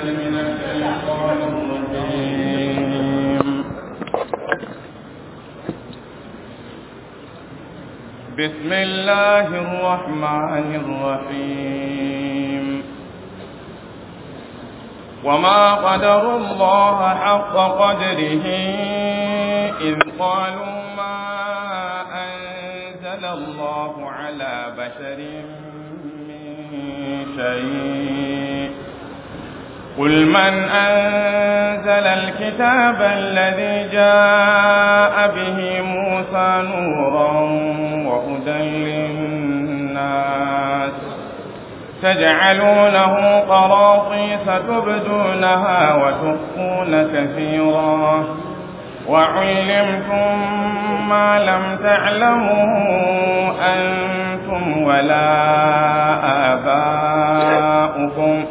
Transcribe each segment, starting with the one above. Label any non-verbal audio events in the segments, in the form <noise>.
بسم الله الرحمن الرحيم وما قدر الله حق قدره إذ قالوا ما أنزل الله على بشر من شيء قل من أنزل الكتاب الذي جاء به موسى نورا وهدى للناس تجعلونه قراطيس تبدونها وتخفون كثيرا وعلمتم ما لم تعلموا أنتم ولا آباؤكم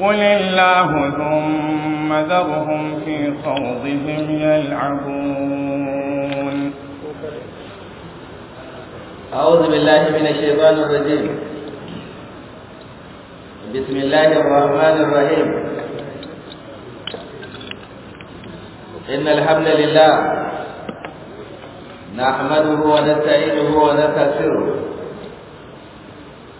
قل الله ثم ذرهم في خوضهم يلعبون أعوذ بالله من الشيطان الرجيم بسم الله الرحمن الرحيم إن الحمد لله نحمده ونستعينه ونستغفره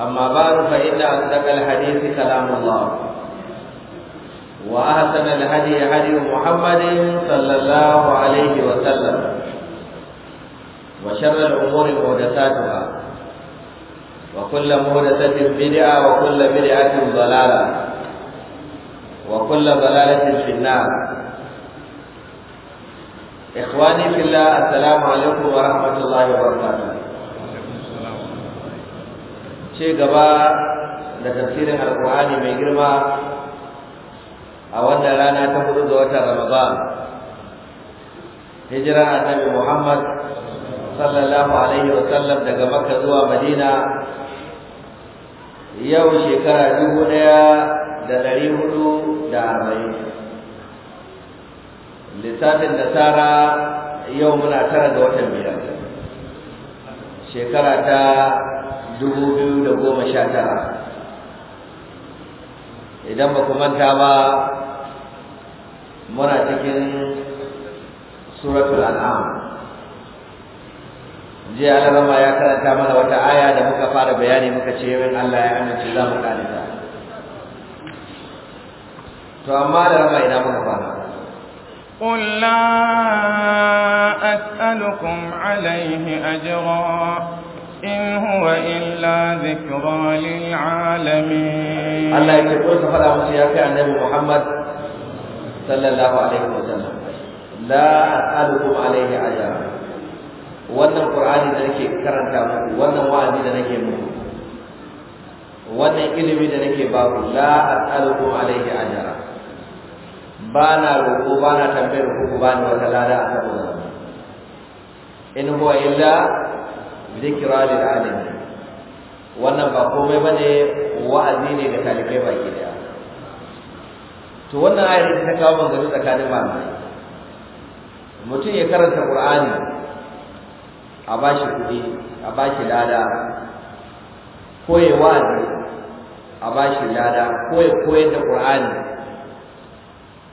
أما بعد فإن أصدق الحديث كلام الله وأحسن الهدي هدي محمد صلى الله عليه وسلم وشر الأمور محدثاتها وكل محدثة بدعة وكل بدعة ضلالة وكل ضلالة في النار إخواني في الله السلام عليكم ورحمة الله وبركاته ce gaba da tafsirin alkur'ani mai girma a wannan rana ta hudu ga watan ramadan hijira annabi muhammad sallallahu alaihi wa sallam daga makka zuwa madina yau shekara dubu ɗaya da ɗari hudu da arba'in lissafin nasara yau muna tara ga watan biyar shekara ta 2019 idan ba manta ba muna cikin suratul an'am jiya alarama ya karanta mana wata aya da muka fara bayani muka ce yawan Allah ya amince za mu karanta to amma alarama ina muka fara قل لا أسألكم عليه أجرا إن هو إلا ذكرى للعالمين الله يكتبون سفر أمسياك النبي محمد صلى الله عليه وسلم لا أسألكم عليه أجرا wannan Qur'ani da nake karanta muku wannan wa'azi da nake muku wannan ilimi da nake ba ku la as'alukum alaihi ajra ba na roƙo ba na tambayar ku ba ni wata lada a saboda in huwa illa zikira lil alamin wannan ba komai bane wa'azi ne ga talibai baki daya to wannan ayar ta kawo manzaro tsakanin malamai mutum ya karanta qur'ani a bashi kudi a bashi lada ko ya wa'azi a bashi lada ko ya koyar da qur'ani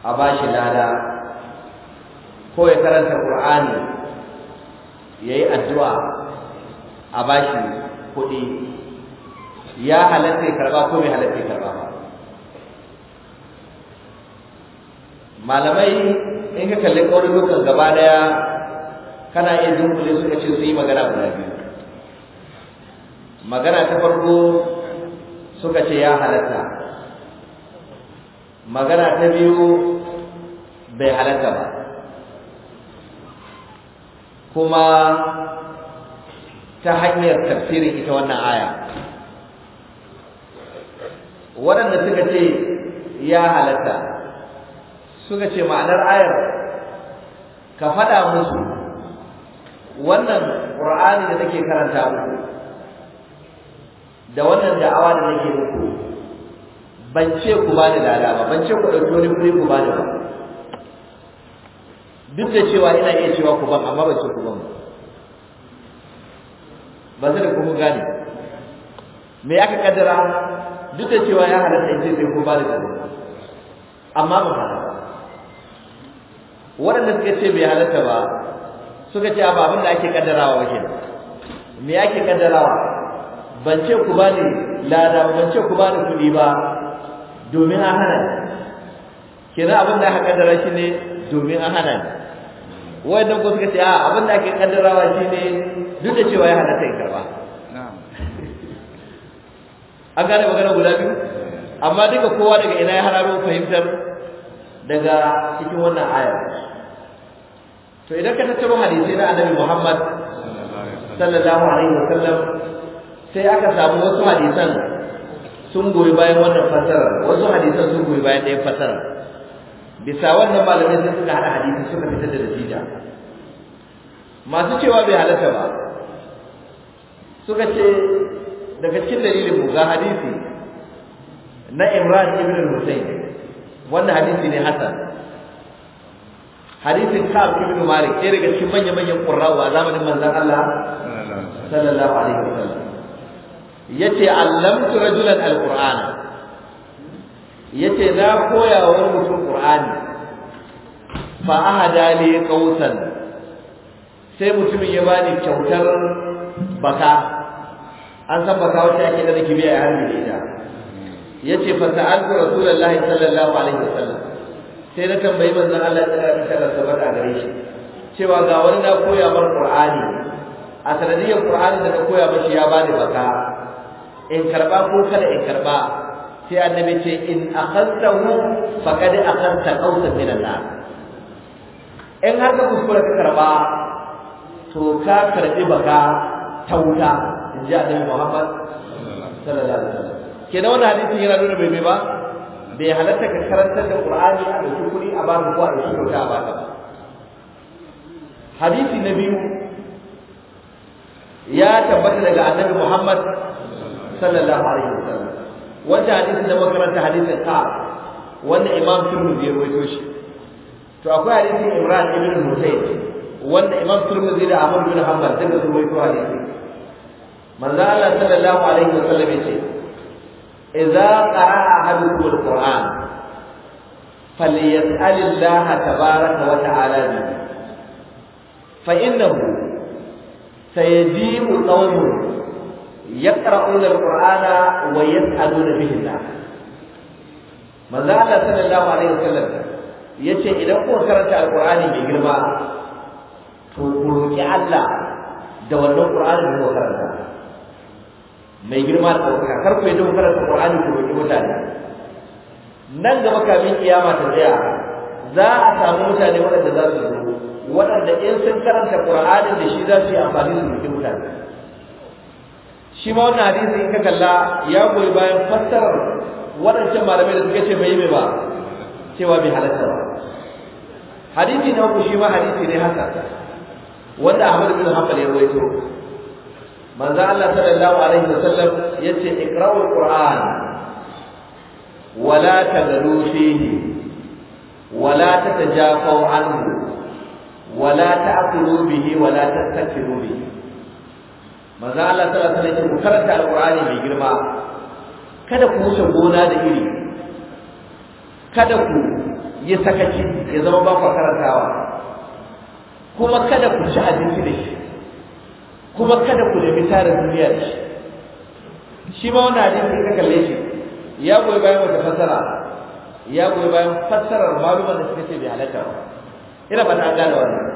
a bashi lada ko ya karanta qur'ani yayi addu'a a bashi kuɗi ya halatta ya karɓa ko bai halatta ya karɓa ba malamai in ka kalli ƙaurukan gaba daya kana iya dunkule suka ce su yi magana guda biyu magana ta farko suka ce ya halatta magana ta biyu bai halatta ba kuma ta hanyar tafsirin ita wannan aya waɗanda suka ce ya halatta suka ce ma'anar ayar ka faɗa musu wannan ƙur'ani da take karanta muku da wannan da'awa da nake muku ban ce ku bani lada ba ban ce ku ɗauki wani kuri ku bani ba duk da cewa ina iya cewa ku ban amma ban ce ku ban ba ba zai kuma gane me aka kaddara duk da cewa ya halatta in zai ko ba da gani amma ba halatta waɗanda suka ce bai halatta ba suka ce ba abin da ake kaddarawa ba kenan me ake kaddarawa ban ce ku ba ni lada ban ce ku ba ni kuɗi ba domin a hana kenan abin da aka kaddara shi ne domin a hana waɗannan ko suka ce a abin da ake kaddarawa shi ne duk da cewa ya halatta ya karba an gane magana guda biyu amma duka kowa daga ina ya hararo fahimtar daga cikin wannan ayar to idan ka tattaro hadisai na annabi Muhammad sallallahu alaihi wasallam sai aka samu wasu hadisan sun goyi bayan wannan fasara wasu hadisan sun goyi bayan ɗayan fasara bisa wannan malamai sun suka hada hadisi suka fitar da natija masu cewa bai halatta ba suka ce daga cikin dalilin mu ga hadisi na Imran ibn al-Husayn wannan hadisi ne hasan hadisin ka ibn Malik ke daga cikin manyan manyan qurrawa a zamanin manzon Allah sallallahu alaihi wasallam yace allamtu rajulan al quran yace na koya wa mutum Qur'ani fa ahada li qausan sai mutumin ya bani kyautar baka an san baka wacce ake da kibiya ya hannu da ita Ya ce, yace fa sa'altu rasulullahi sallallahu alaihi wasallam sai na tambayi manzon Allah ta tsara a gare shi cewa ga wani na koya bar qur'ani a sanadiyar qur'ani da na koya mashi ya bani baka in karba ko kada in karba sai annabi ce in akhadtahu faqad akhadta qawsa min Allah in har ka kuskura ka karba to ka karbi baka ta wuta in ji annabi Muhammad sallallahu alaihi wasallam kenan wannan hadisin yana nuna bai mai ba bai halatta ka karantar da Qur'ani a cikin kuri a ba ko a cikin kyauta a baka ba hadisi na biyu ya tabbata daga annabi Muhammad sallallahu alaihi wasallam wanda hadisin da makaranta hadisin ka wanda Imam Tirmidhi ya rawaito shi to akwai hadisin Imran ibn Husayn wanda Imam Tirmidhi da Ahmad bin Hanbal duka su rawaito hadisi manzo Allah sallallahu alaihi wasallam yace idza qara'a ahadukum alquran falyas'al Allah tabaaraka wa ta'ala bi fa innahu sayajibu qawmun yaqra'una alqur'ana wa yas'aluna bihi Allah manzo Allah sallallahu alaihi wasallam yace idan kuka karanta alqur'ani mai girma to ku roki Allah da wannan qur'ani da kuka karanta mai girma da ɗaukaka karfe ku yadda da Qur'ani ku wani mutane nan gaba kamin kiyama ta tsaya za a samu mutane waɗanda za su zo waɗanda in sun karanta Qur'anin da shi za su yi amfani da roƙi mutane shi ma wannan hadisi in ka kalla ya goyi bayan fassarar waɗancan malamai da suka ce bai yi ba cewa bai halatta ba hadisi na uku shi ma hadisi ne haka wanda Ahmad bin Hanbal ya rawaito manzo Allah sallallahu alaihi wasallam yace iqra'ul qur'an wala tagalu fihi wala tatajafu anhu wala ta'kulu bihi wala tastakiru bihi manzo Allah sallallahu alaihi wasallam ku karanta alqur'ani mai girma kada ku wuce gona da iri kada ku yi sakaci ya zama ba ku karantawa kuma kada ku ci abinci da shi kuma kada ku nemi tarin duniya da shi shi ma wannan hadisi ka kalle shi ya goyi bayan wata fassara ya goyi bayan fassarar maluman da suka ce bai halatta ba ina ba ta gane wannan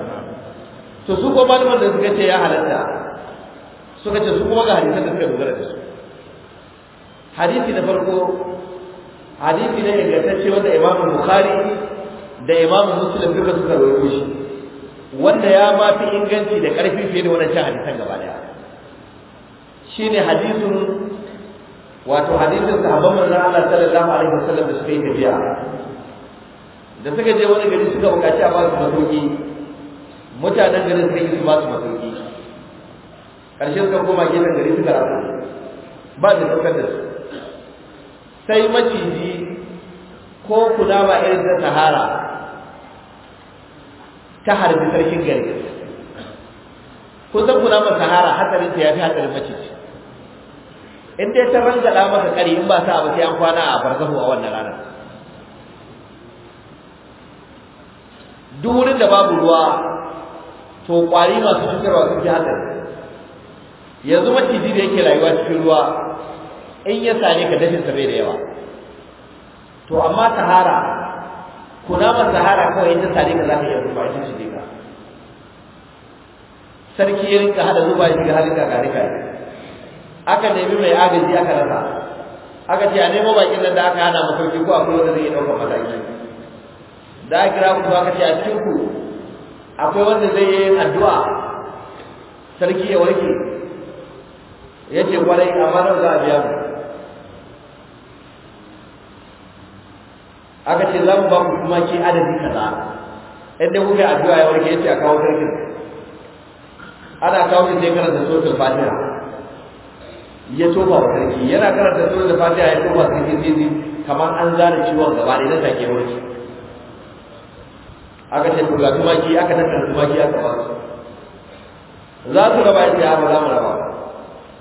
to su ko maluman da suka ce ya halatta suka ce su kuma ga hadisan da suka dogara da su hadisi na farko hadisi na ingantacce wanda imamu bukhari da imamu muslim duka suka rawaito shi wanda ya ma fi inganci da ƙarfi fiye da wadancan hadisan gaba daya Shi ne hadisun wato hadisin sahabban manzon Allah sallallahu alaihi wasallam da suka yi tafiya da suka je wani gari suka buƙaci a basu su mutanen garin sai su basu su ƙarshe suka koma gefen gari suka rasa ba da saukar da su sai maciji ko kula ba irin ta sahara ta harbi sarkin gari ko san kuna sahara hatsarin ta fi hatsarin maciji in dai ta rangada maka kari in ba sa abu sai an kwana a farzahu a wannan ranar duk wurin da babu ruwa to kwari masu cutarwa sun fi hatsari yanzu maciji da yake rayuwa cikin ruwa in ya sani ka dashin sa bai da yawa to amma sahara kunama sahara kawai in ta sare ka za ka iya rufa shi shi ba sarki ya rinka hada zuba shi ga halin kakari kai aka nemi mai agaji aka rasa aka ce a nemo bakin nan da aka hana sarki ko akwai wanda zai iya ɗaukar mataki da aka kira ku aka ce a cikin ku akwai wanda zai yi addu'a sarki ya warke ya ce kwarai amma nan za a biya mu aka ce zamu ba ku kuma ke adadi kaza inda kuka addu'a ya warke yace a kawo sarkin ana kawo shi sai karanta suratul fatiha ya toba wa sarki yana karanta suratul fatiha ya toba sarki sai kamar an zana ciwon gaba ne na take warke aka ce to ga tumaki aka tattara tumaki aka ba su za su raba ya ce a ah, ba mu raba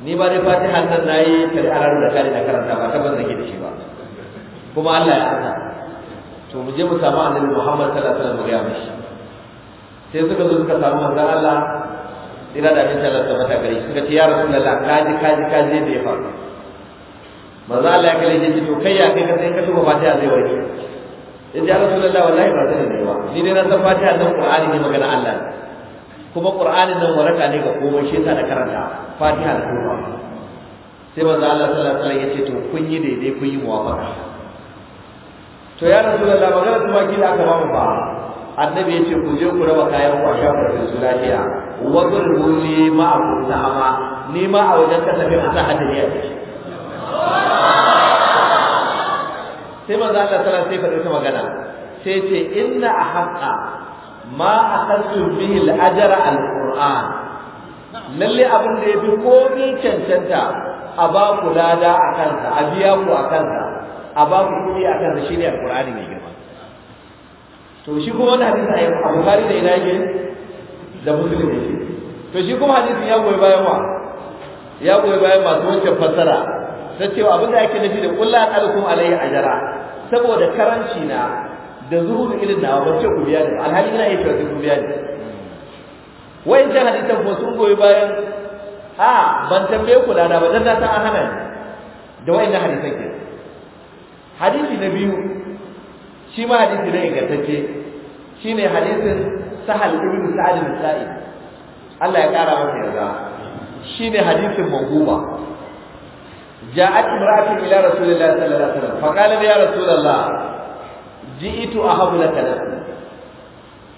ni ba dai fatiha nan nayi kare da na karanta ba ta ban zake da shi ba kuma Allah ya saka to mu je mu samu annabi Muhammad sallallahu alaihi wasallam ya mishi sai suka zo suka samu manzon Allah ina da abin Allah ta mata gari suka ce ya rasulullah kaji kaji kaji da ya faru manzon Allah ya kalle shi to kai ya kai ka sai ka tuba fatiha zai warke yace ya rasulullah wallahi ba zai da yawa ni dai na san fatiha nan qur'ani ne magana Allah kuma Qur'ani nan waraka ne ga komai shi yasa da karanta fatiha da tuba sai manzon Allah sallallahu alaihi wasallam ya ce to kun yi daidai kun yi muwafaqa to ya rasulullah magana tumaki da aka ba mu ba annabi ya ce ku je ku raba kayan ku a shafar da su lafiya wasu a kun na ama ni ma a wajen kasafin a sa hadari a ciki sai manzo Allah sallallahu alaihi wasallam sai magana sai ce inna ahqa ma a bihi al-ajra al-qur'an lalle abin da yafi komai cancanta a ba ku lada a kansa a biya ku a kansa a ba ku kuɗi a kan shi ne alƙur'ani mai girma to shi kuma wani hadisi a bukari da ina yake da musulun yake to shi kuma hadisin ya goyi bayan wa ya goyi bayan masu wancan fassara ta cewa abin da ake nufi da a alaikum a jara? saboda karanci na da zuhudu ilin nawa ban ce ku biya ne alhali ina iya cewa ku biya ne wayan can hadisan ko sun goyi bayan a ban tambaye ku na ba dan na san an hana da wayan hadisan ke hadisi na biyu shi ma hadisi na ingantacce ne hadisin sahal ibn sa'ad bin sa'id Allah ya kara masa yarda ne hadisin maghuma ja'at imra'atun ila rasulillah sallallahu alaihi wasallam fa qalat ya rasulullah ji'tu ahabu laka nafsi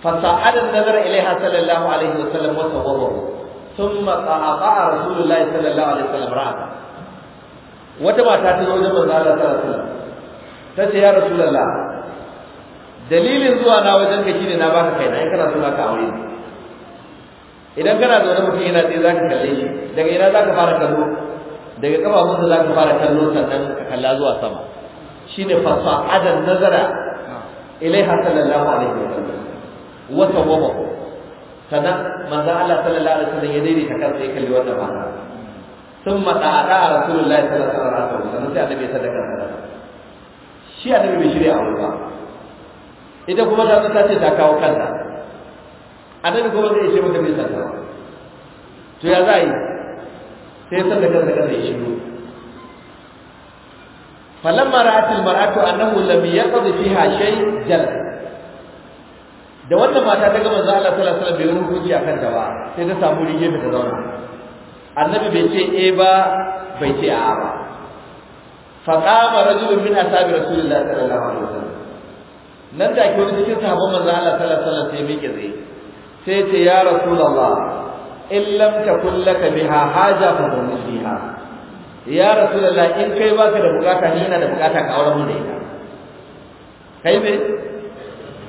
fa sa'ada an-nazara ilayha sallallahu alaihi wasallam wa tawwabahu thumma qa'aqa rasulullahi sallallahu alaihi wasallam ra'a wata mata ta zo wajen manzo Allah sallallahu alaihi wasallam ta ce ya rasulullah dalilin zuwa na wajen ka shine na baka kaina in kana so ka aure idan kana zaune mutum yana tsaye zaka kalle shi daga ina zaka fara kallo daga za zaka fara kallo sannan ka kalla zuwa sama shine adan nazara ilaiha sallallahu alaihi wasallam wa tawaba sannan manzo Allah sallallahu alaihi wasallam ya ta kansa ya kalli wannan fara ثم دعا rasulullahi sallallahu alaihi الله عليه وسلم سيدنا النبي صلى الله عليه shi annabi bai shirya a ba ita kuma ta zo ta ce ta kawo kanta annabi kuma zai ishe maka bai sanda to ya za yi sai san da kansa kansa ya shiru falamma ra'at al-mar'atu annahu lam yaqdi fiha shay jal da wannan mata ta ga manzo Allah sallallahu alaihi wasallam bai hukunci akan ta ba sai ta samu rige ta zauna annabi bai ce eh ba bai ce a'a ba فقام رجل من اصحاب رسول الله صلى الله عليه وسلم nan da ke wani cikin sahabban manzo Allah sallallahu alaihi wasallam sai miƙe tsaye sai ce ya rasulullah in lam takun laka biha haja fa biha ya rasulullah in kai baka da bukata ni ina da bukata ka aure mu da ita kai me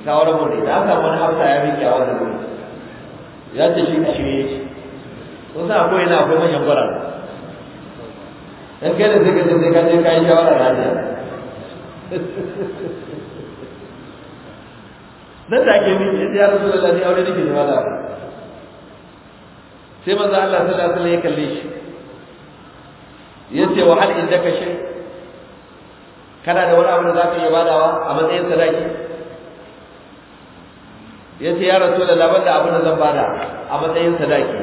ka aure mun da ita haka wani hafsa ya miƙe a wannan ya ce shi ne shi ko sa akwai na akwai manyan gwara in kai da sai ka sai ka je ka yi shawara nan da ake min yace ya rasulullahi ne aure nake nema da sai manzo Allah sallallahu alaihi wasallam ya kalle shi yace wa hal indaka shay kana da wani abu da zaka iya badawa a matsayin sadaki yace ya rasulullahi banda abu da zan bada a matsayin sadaki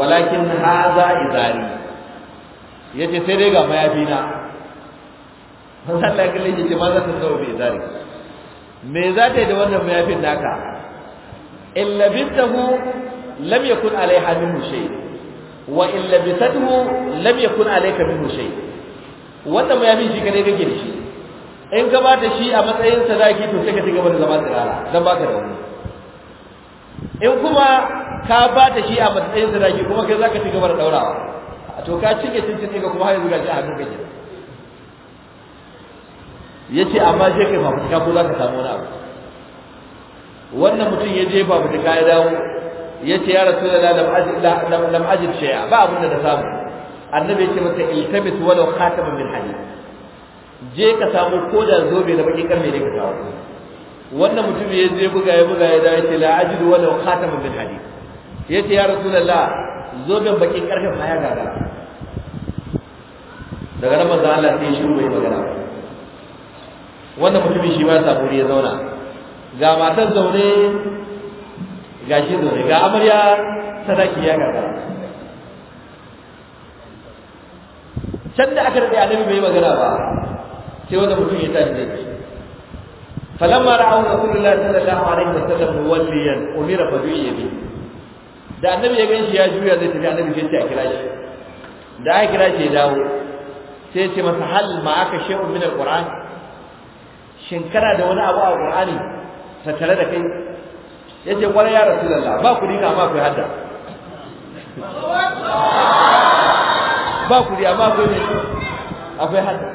walakin haza izari ya ce sai dai ga mayafi na Allah ya kalle shi ce ma za ta tsawo bai zari me za ta yi da wannan mayafin naka in labitahu lam yakun alaiha minhu shay wa in labisathu lam yakun alaika minhu shay wannan mayafin shi kadai kake da shi in ka bata shi a matsayin sadaki to sai ka ci gaba da zama tsirara dan baka da wani in kuma ka bata shi a matsayin sadaki kuma kai zaka ci gaba da daurawa a to ka cike sun cike ka kuma har yanzu gashi a hannun kake ce amma je kai fafutuka ko za ka samu wani abu wannan mutum ya je fafutuka ya dawo ce ya rasu da ajid lam ajid shay'a ba abin da na samu annabi yace masa iltamis walau khataman min hadid je ka samu ko da zobe da baki kan me ne ka kawo wannan mutum ya je buga ya buga ya dawo ce la wani walau khataman min Ya ce ya rasu da rasulullah zoben bakin karfe ma ya gagara daga nan manzo Allah sai shiru bai magana wannan mutumin shi ma saburi ya zauna ga matan zaune ga shi zaune ga amarya sadaki ya gaga can da aka rade annabi bai magana ba sai wannan mutum ya tashi zai falamma ra'ahu rasulullahi sallallahu alaihi wasallam muwalliyan umira fa bi'i bi da annabi ya ganshi ya juya zai tafi annabi sai a kira shi da ya kira shi ya dawo sai ce masa hal ma aka shehu min alquran shin kana da wani abu a qur'ani tattare da kai yace kwarai ya rasulullah ba ku dina amma ku hadda ba ku dina amma ku ne akwai hadda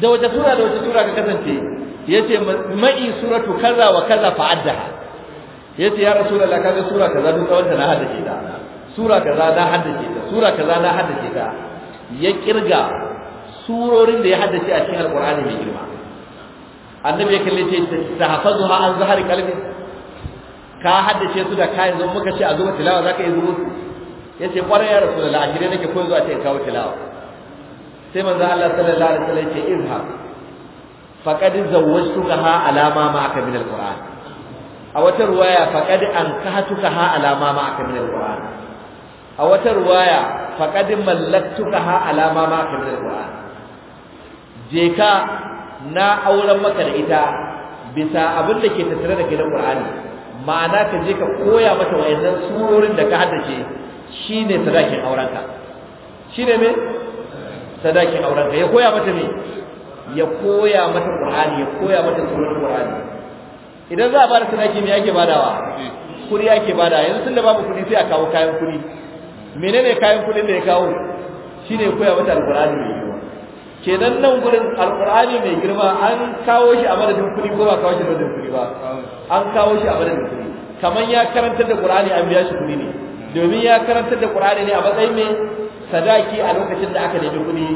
da wata sura da wata sura ka kasance yace mai suratu kaza wa kaza fa addaha yace ya rasulullah kaza sura kaza duk tsawon ta na haddace ta sura kaza na haddace ta sura kaza na haddace ta ya kirga surorin da ya haddace a cikin alqur'ani mai girma annabi ya kalle ce ta hafazu ha an zahari kalbi ka haddace su da kayan zan muka ce a zuba tilawa zaka yi zuwa yace kwarai ya rasulullah a gida nake ko zuwa ce kawo tilawa sai manzo Allah sallallahu alaihi wasallam ya ce izhab faqad ha alama ma aka min alquran a wata ruwaya faqad ha alama ma aka min alquran a wata ruwaya faqad mallaktukaha ha ma ma kan alquran je ka na auren maka da ita bisa abin da ke tattare da kidan qur'ani ma'ana ka je ka koya mata wayannan surorin da ka haddace shine sadakin aurenka shine me sadakin aurenka ya koya mata me ya koya mata qur'ani ya koya mata surorin qur'ani idan za a bada sadaki me yake badawa kudi ake bada yanzu da babu kuɗi sai a kawo kayan kuɗi. menene kayan kudin da ya kawo shine koya mata alkur'ani mai girma kenan nan gurin alkur'ani mai girma an kawo shi a madadin kudi ko ba kawo shi madadin kudi ba an kawo shi a madadin kudi kamar ya karantar da qur'ani an biya shi kudi ne domin ya karantar da qur'ani ne a matsayin mai sadaki a lokacin da aka nemi kudi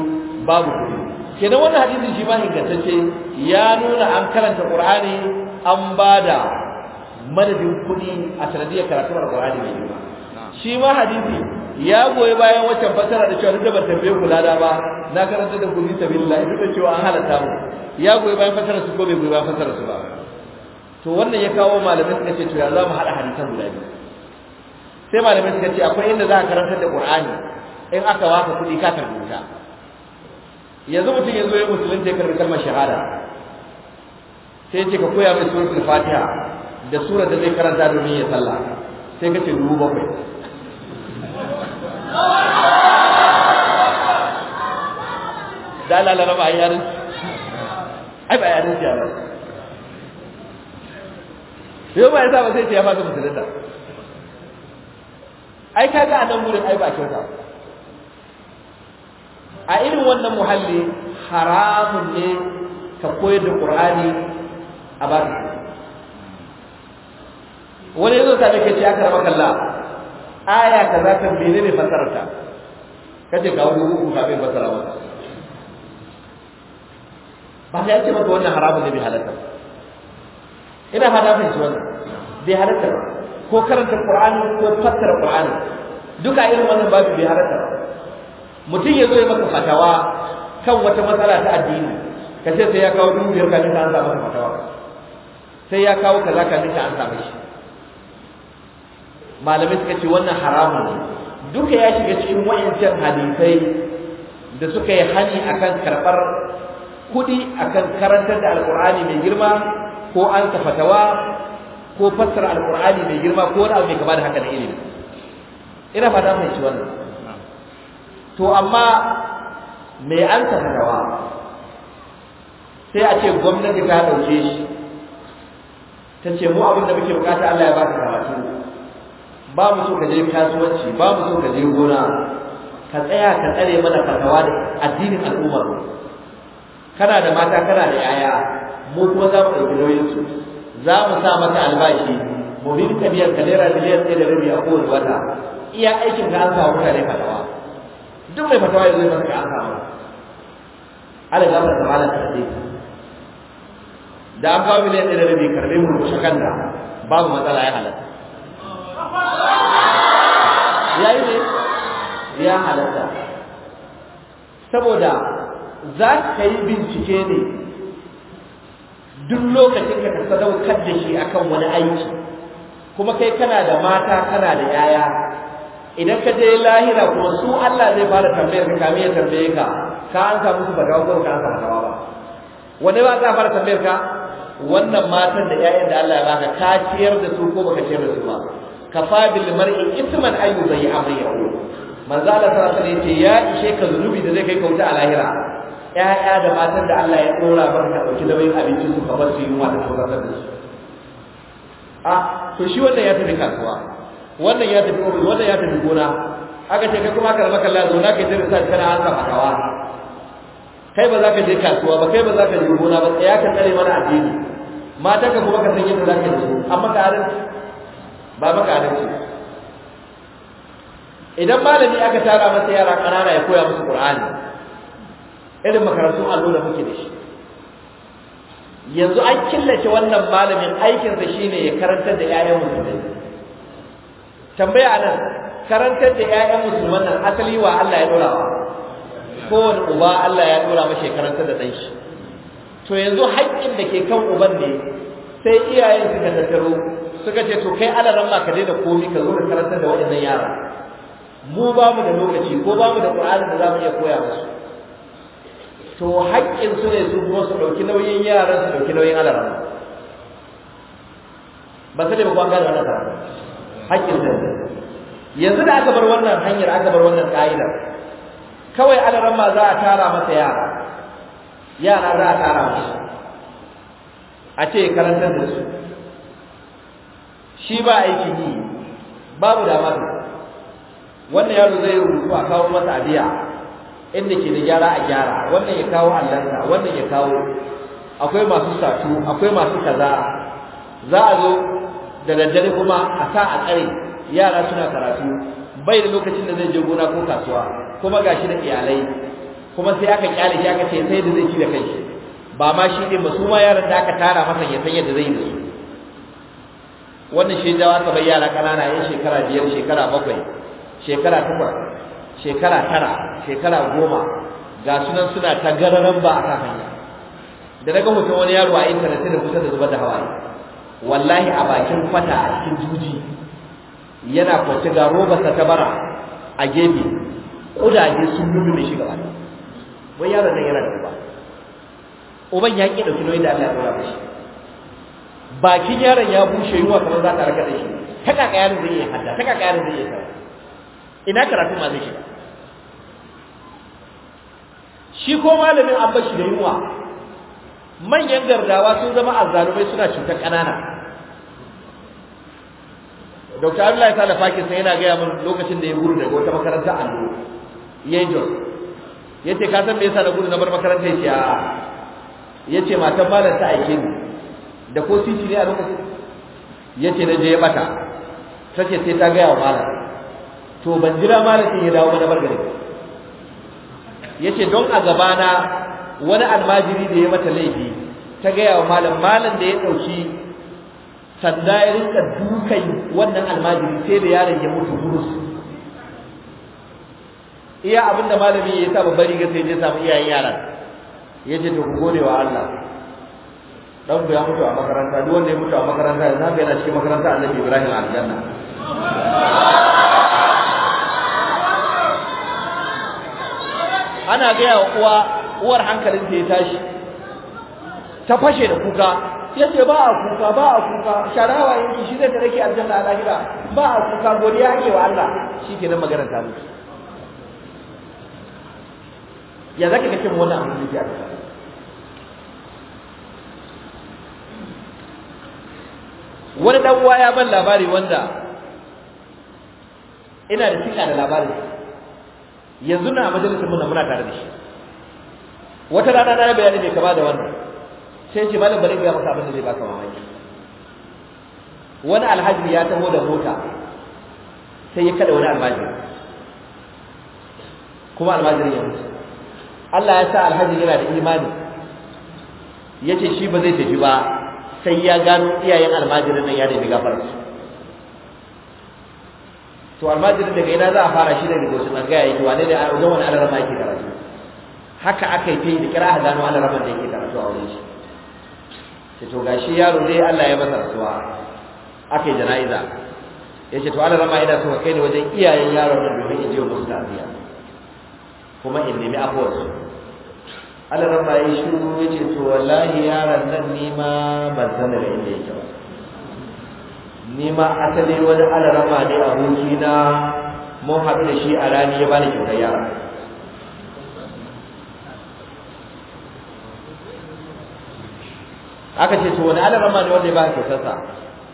babu kudi kenan wannan hadisin shi ma ingantacce ya nuna an karanta qur'ani an bada madadin kudi a sanadiyar karatun alqur'ani mai girma shi ma hadisi ya goyi bayan waccan fasara da cewa duk da ba fiye ku lada ba na karanta da ku ta billahi duk da cewa an halatta mu ya goyi bayan fasara su ko bai goyi bayan fasara su ba to wannan ya kawo malamai suka ce to ya za mu hada hadisan guda biyu sai malamai suka ce akwai inda za a karanta da qur'ani in aka waka kuɗi ka tarbuta yanzu mutum ya zo ya musulunta ya karbi kalmar shahada sai ce ka koya mai suratul fatiha da surar da zai karanta domin ya sallah sai ka ce dubu bakwai da ba la raba yaran ai ba yaran ya ba yau ba yasa ba sai ya fasa musulunta ai kaga a nan gurin ai ba kyauta a irin wannan muhalli haramun ne ka koyar da Qur'ani a ba wani yazo ta nake ce aka raba kallah aya za ta ne fasarar ta ce ga wani uku bin fasara maka ba ya ce maka wannan haramun ne bai halatta ina hada mai shi wannan bai halatta ko karanta qur'ani ko fassara qur'ani duka irin wannan babu bai halatta mutum ya zo ya maka fatawa kan wata matsala ta addini ka ce sai ya kawo dubu biyar ka ka an samu fatawa sai ya kawo kaza ka ka an samu shi malamai suka ce wannan haramun duka ya shiga cikin wa'ancan hadisai da suka yi hani akan karɓar kuɗi akan karantar da alƙur'ani mai girma ko an tafatawa, ko fassara alƙur'ani mai girma ko wani abu mai kama da haka na ilimi ina fata mai ci wannan to amma mai an tafatawa sai a ce gwamnati ta ɗauke shi ta ce mu abin da muke bukata Allah ya ba ta karatu ba mu so ka je kasuwanci ba mu so ka je gona ka tsaya ka tsare mana fatawa da addinin al'umma kana da mata kana da yaya mu kuma za mu ɗauki nauyin su za mu sa maka albashi mu bi ka biyan ka naira miliyan ɗaya da rabi a kowane wata iya aikin ka an samu mutane fatawa duk mai fatawa yanzu ya ka an samu ala ga masa mala ta ce da an kawo miliyan ɗaya da rabi karbe mu shakanda babu matsala ya halatta ya ne ya halatta saboda za ka yi bincike ne duk lokacin ka sadaukar da shi akan wani aiki kuma kai kana da mata kana da yaya idan ka je lahira kuma su Allah zai fara tambayar ka kamar ya tambaye ka ka an samu su badawa ko ka an samu badawa ba Wani ba za fara tambayar ka wannan matan da ƴaƴan da Allah ya baka ka ciyar da su ko baka ciyar da su ba kafa bil mar'i isman an yuzayyi amrihi manzo Allah sallallahu alaihi wasallam ya ishe ka zunubi da zai kai kauta a lahira ƴaƴa da matan da Allah ya dora barka dauki nauyin abinci su ka bar su yunwa da tsoratar da su a to shi wannan ya tafi kasuwa wannan ya tafi ofis wannan ya tafi gona aka ce kai kuma karba kallon na kai sai sai kana hanka kawa. kai ba za ka je kasuwa ba kai ba za ka je gona ba sai ya ka tsare mana addini mata ka kuma ka san yadda za ka yi amma ka ba makaranci idan malami aka tara masa yara ƙanana ya koya musu qur'ani irin makarantun allo da muke da shi yanzu an killace wannan malamin aikinsa shine ya karantar da 'ya'yan musulmai tambaya anan karantar da 'ya'yan musulman nan asali wa Allah ya dora kowane uba Allah ya dora mashi ya karantar da ɗan shi to yanzu haƙƙin da ke kan uban ne sai iyayen suka tattaro suka ce to kai alaran ma ka daina komi ka zo ka karantar da waɗannan yara mu ba mu da lokaci ko ba mu da ƙur'ani da za mu iya koya musu to haƙƙin su ne su kuma su ɗauki nauyin yaran su ɗauki nauyin alaran ba sai ba kwan da wannan karatu haƙƙin su ne yanzu da aka bar wannan hanyar aka bar wannan ka'idar kawai alaran ma za a tara masa yara yara za a tara masu. a ce karantar da su shi ba aikin yi babu damar wannan yaro zai rubutu a kawo masa abiya inda ke da gyara a gyara wannan ya kawo allansa wannan ya kawo akwai masu satu akwai masu kaza za a zo da daddare kuma a sa a tsare yara suna karatu bai da lokacin da zai je gona ko kasuwa kuma ga shi da iyalai kuma sai aka kyale shi aka ce sai da zai ci da kai ba ma shi ne ba su ma yaran da aka tara masa ya san yadda zai yi wannan shi da aka bai yara kanana yan shekara biyar shekara bakwai shekara takwas shekara tara shekara goma ga sunan suna ta gararan ba a kan hanya da na ga mutum wani yaro a intanet da kusa da zubar da hawaye wallahi a bakin kwata a cikin juji yana kwance ga robarsa ta bara a gefe kudaje sun nuna mai shiga Wani yaron nan yana da uba uban ya ƙi ɗauki nauyin da Allah ya ba shi. bakin yaron ya bushe ruwa kamar za ta raka da shi ta kaka yaron zai yi hadda ta kaka yaron zai yi sau ina karatu ma zai shiga shi ko malamin Abba shi da yunwa manyan gardawa sun zama azzalumai suna cutar ƙanana Dr. Abdullahi Sale Pakistan yana gaya min lokacin da ya gudu daga wata makaranta a Nuno, Yejos. Ya ce, ka san me yasa na gudu na bar makaranta ya ce, a'a. Ya ce, matan malam ta aike ni, da ko titi ne a lokacin ya ce na je ya bata ta ce sai ta gaya wa malam to ban jira malam sai ya dawo mana bar gari ya ce don a gabana wani almajiri da ya mata laifi ta gaya wa malam malam da ya ɗauki sanda ya rinka dukai wannan almajiri sai da yaron ya mutu burus iya abinda malami ya sa babbar ga sai ya samu iyayen yaran ya ce to ku gode wa Allah dan ya mutu a makaranta duk wanda ya mutu a makaranta yanzu haka yana cikin makaranta Annabi Ibrahim a aljanna ana gaya wa uwa uwar hankalin ta ya tashi ta fashe da kuka yace ba a kuka ba a kuka sharawa yanki shi zai tare ki aljanna a lahira ba a kuka godiya ake wa Allah nan magana ta mutu ya zaka kace wannan abin da yake wani dan uwa ya ban labari wanda ina da sika da labarin yanzu na majalisar muna muna tare da shi wata rana na bayani ne kama da wannan sai ce malam bari ga masa abin da zai baka mamaki wani alhaji ya taho da mota sai ya kada wani almajiri kuma almajiri ya mutu Allah ya sa alhaji yana da imani yace shi ba zai tafi ba sai ya gano iyayen almajirin nan ya nemi gafarar su to almajirin daga ina za a fara shi daga wasu gaya yake wane ne a wajen wani alarama yake karatu haka aka yi ta yi da kira a gano alaraman da yake karatu a wurin shi ta to gashi yaro dai Allah ya masa rasuwa aka yi jana'iza ya ce to alarama ina so ka kai ni wajen iyayen yaron da domin in je musu tafiya kuma in nemi afuwarsu alaran ma yi shiru ya ce to wallahi yaran nan nima ba ban rai da inda yake ba ni asali wani alaran ne aboki na mun haɗu da shi a rani ya bani kyautar yara aka ce to wani alaran ne wanda ya ba kyautar sa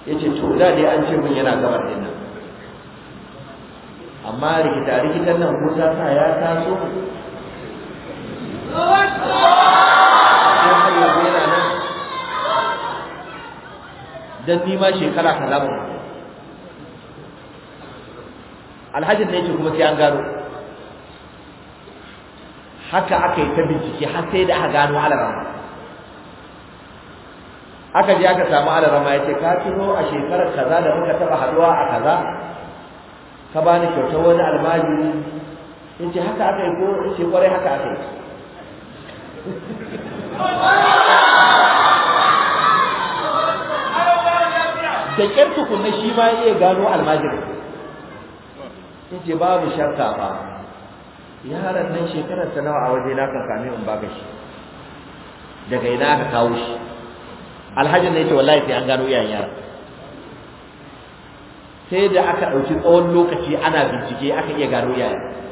ya ce to da dai an ce min yana gaba da nan amma rikita rikitan nan ko ta sa ya taso dan ni ma shekara kalamu alhaji ne ce kuma sai an gano haka aka yi ta bincike har sai da aka gano alarama aka je aka samu alarama ya ce ka tuno a shekarar kaza da muka taba haduwa a kaza ka bani kyautar wani almajiri in ce haka aka yi ko in ce kwarai haka aka yi da ƙyar tukunna shi ma ya iya gano almajirin in ce babu shakka ba yaran nan shekarar ta nawa a waje na kan kame in baka shi daga ina aka kawo shi alhajin na ce wallahi sai an gano iyayen yara. sai da aka ɗauki tsawon lokaci ana bincike aka iya gano iyayen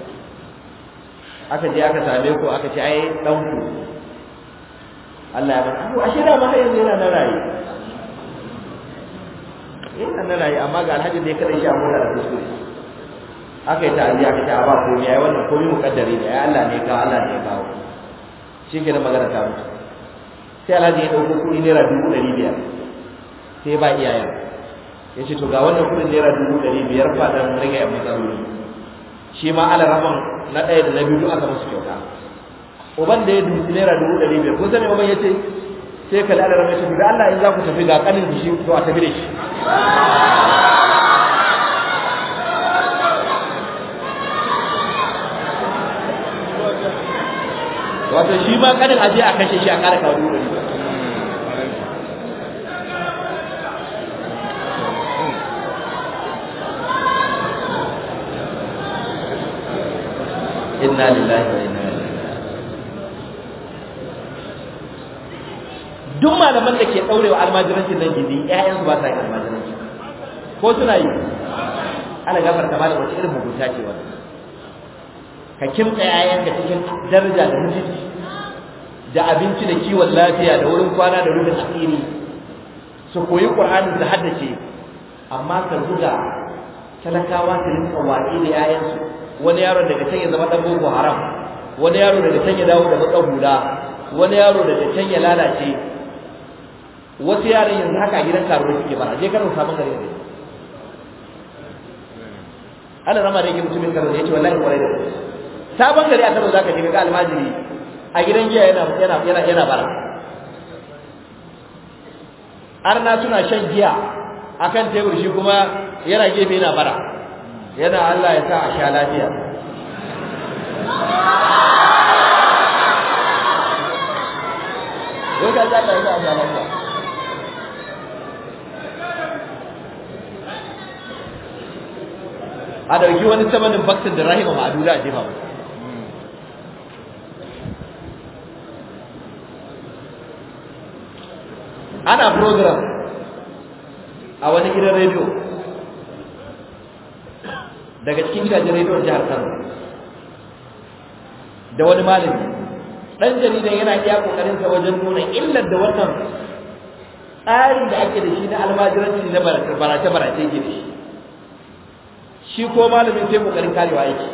aka je aka same ku aka ce ai dan ku Allah ya ba ku ashe da ma yanzu yana na rayi yana na rayi amma ga alhaji dai kada shi a mota da su aka yi ta'aziya aka ce a ba ne ai wannan komai mukaddari ne ai Allah ne ka Allah ne ka shi ke da magana ta mutu sai alhaji ya dauko kuɗi naira dubu ɗari biyar sai ba iyayen ya ce to ga wannan kuɗin naira dubu ɗari biyar ba dan rage yan matsaloli shi ma ala rabon na ɗaya da na biyu aka musu kyauta uban da ya dubi naira dubu ɗari biyar kun sani uban ya ce sai kalli ala rabon ya ce da Allah in za ku tafi ga ƙanin shi to a tafi da shi wato shi ma ƙanin aje a kashe shi a ƙara kawo dubu ɗari inna lillahi wa inna duk malaman da ke daurewa almajiranci nan gini, ƴaƴan su ba sa yin almajiranci ko suna yi ana gafarta ba da wata irin mugunta ce wannan ka kimta ƴaƴan ka cikin daraja da mutunci da abinci da kiwon lafiya da wurin kwana da rufin asiri su koyi qur'ani su haddace amma ka zuga talakawa su rinka waƙi da 'ya'yansu. wani yaro daga can ya zama dan boko haram wani yaro daga can ya dawo da baka hula wani yaro daga can ya lalace wasu yaran yanzu haka a gidan karuwa suke bara je karin sabon gari ne ana rama da yake mutumin karo ya ce wallahi kwarai da sabon gari a karo za ka je ga almajiri a gidan giya yana yana yana yana bara arna suna shan giya akan tebur shi kuma yana gefe yana bara yana Allah ya sa a sha lafiya a sha a wani samanin baktin da rahima ma'adula da jefa ba ana program a wani gidan rediyo daga cikin jaridar jihar Kano da wani malami dan jaridar yana iya kokarin sa wajen nuna illar da wannan tsarin da ake da shi na almajiranci na barace barace ke da shi shi ko malamin sai kokarin karewa yake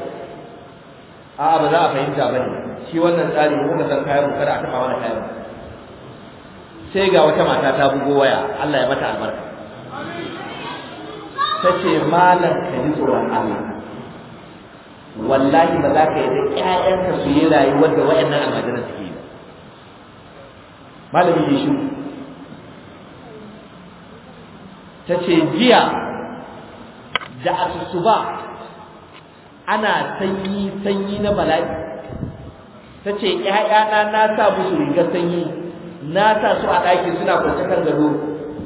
a'a ba za a fahimta ba ne shi wannan tsari mu ka san kayan kada a taba wani kayan sai ga wata mata ta bugo waya Allah ya mata albarka ta ce malam ka ji tsoron Allah wallahi ba za ka yi da ƴaƴanka su yi rayuwar da waɗannan almajiran suke yi malami ya shi ta ce jiya da asusuba ana sanyi sanyi na bala'i ta ce ƴaƴana na sa musu rigar sanyi na sa su a ɗaki suna kwance kan gado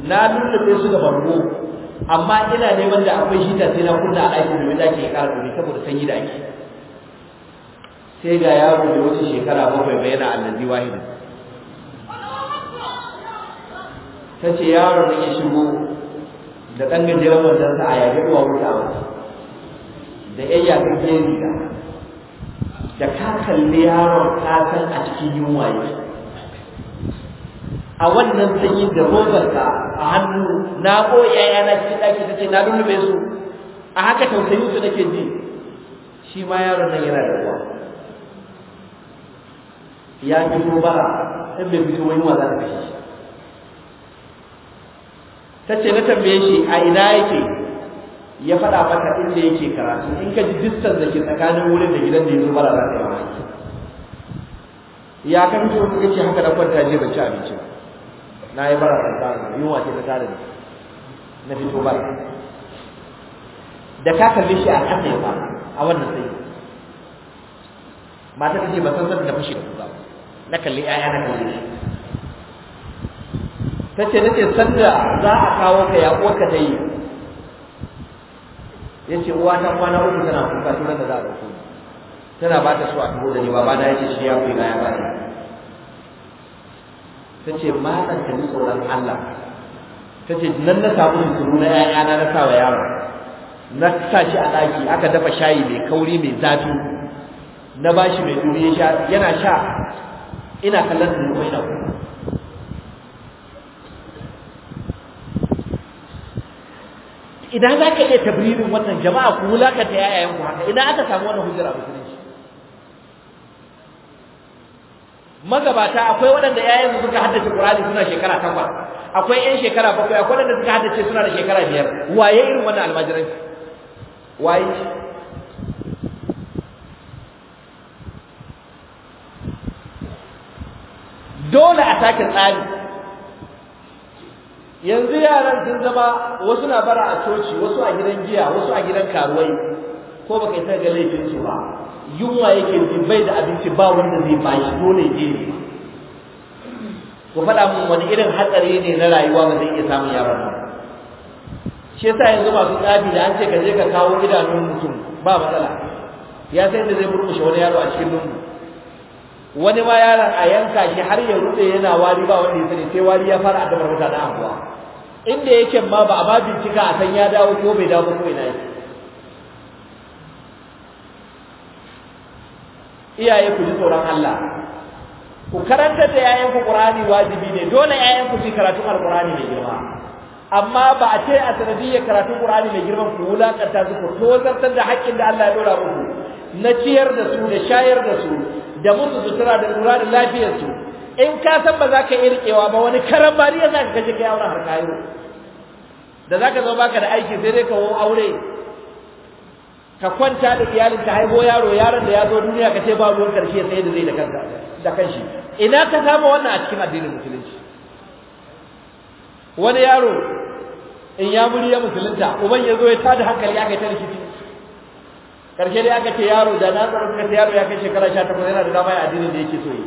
na lullube su da bango. amma ina neman da akwai shi ta sai na kunna a ɗaki domin da ke ƙara domin saboda yi da ake sai ga yaro da wata shekara bakwai bai yana annabi wahidi ta ce yaro da ya shigo da ɗan gajeren wandansa a yaƙi ɗuwa wuta da ƴan yaƙin riga da ka kalli yaron ka san a cikin yunwa yake a wannan sanyin da robarta a hannu na koya yana cikin ɗaki ta ce na lullube su a haka tausayin su nake ji shi ma yaron nan yana da ruwa. ya ko ba in bai fito wani wa za ta kashe shi ta ce na tambaye shi a ina yake ya faɗa maka inda yake karatu in ka ji distance da ke tsakanin wurin da gidan da ya zo bara za ta yi mamaki ya kan fito kuka ce haka na kwanta je ban ci abinci ba na yi mara rantsa yunwa ce ta tare da na fito ba da ka kalli shi a kasa ya ba a wannan sai mata ta ce ba san sanda da kuka ba na kalli ƴaƴa na kalli shi ta ce nake sanda za a kawo ka ya ka ta yi ya ce uwa ta kwana uku tana kuka tunan da za a ɗauko tana ba ta so a tuho da ni ba ba na ya ce shi ya kuwa ya ba ni ta ce matan ta ji tsoron Allah ta ce nan na samu turu na ‘ya'yana na sawa yaro na sa shi a ɗaki aka dafa shayi mai kauri mai zafi na ba shi mai sha yana sha ina kallon turu mai Ina idan za ka iya tabririn wannan jama'a ku wulakanta ‘ya'yayenku haka idan aka samu wannan hujjar a musulunci magabata akwai waɗanda yayansu suka haddace Qur'ani suna shekara takwas akwai ƴan shekara bakwai akwai waɗanda suka haddace suna da shekara biyar waye irin wannan almajiran waye dole a take tsari yanzu yaran sun zama wasu na bara a coci wasu a gidan giya wasu a gidan karuwai ko baka isa ga laifin su ba yunwa yake ji bai da abinci ba wanda zai ba shi dole je ne ku faɗa mun wani irin hatsari ne na rayuwa ba zai iya samun yaron ba shi yasa yanzu masu tsafi da an ce ka je ka kawo idanun mutum ba matsala ya sai da zai burkushe wani yaro a cikin lungu wani ma yaron a yanka shi har ya rube yana wari ba wanda ya sani sai wari ya fara a dabar da anguwa inda yake ma ba a ba bincika a san ya dawo ko bai dawo ko ina yake iyaye ku ji tsoron Allah ku karanta da yayan ku Qur'ani wajibi ne dole yayan ku ji karatun Al-Qur'ani mai girma amma ba a ce a sanadiyyar karatun Qur'ani mai girman ku wulakanta su ku tozartar da haƙƙin da Allah ya dora muku na ciyar da su da shayar da su da musu sutura da lura da lafiyar su in ka san ba za ka yi riƙewa ba wani karan bari ya za ka kaje kai auren har kayo da za ka zo baka da aiki sai dai ka wo aure ka kwanta da iyalin ta haibo yaro yaron da ya zo duniya ka ce ba ruwan karshe sai da zai da kanka da kanshi ina ka samu wannan a cikin addinin musulunci wani yaro in ya muri ya musulunta uban ya zo ya tada hankali aka yi ta rikici karshe dai aka ce yaro da na tsaron ka yaro ya kai shekara sha takwas yana da dama ya addinin da yake so yi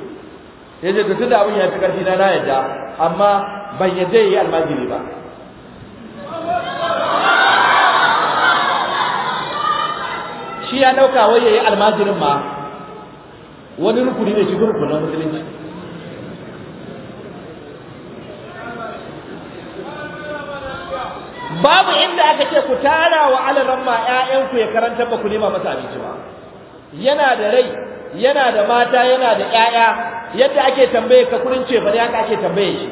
yace to da abin ya fi karfi na na yadda amma ban yadda yi almajiri ba shi ya dauka wai yayi almajirin ma wani rukuni ne shi rukunin musulunci babu inda aka ce ku tara wa alaramma ƴaƴanku ya karanta ba ku nema masa abinci ba yana da rai yana da mata yana da ƴaƴa yadda ake tambaye ka kurin ce bari haka ake tambaye shi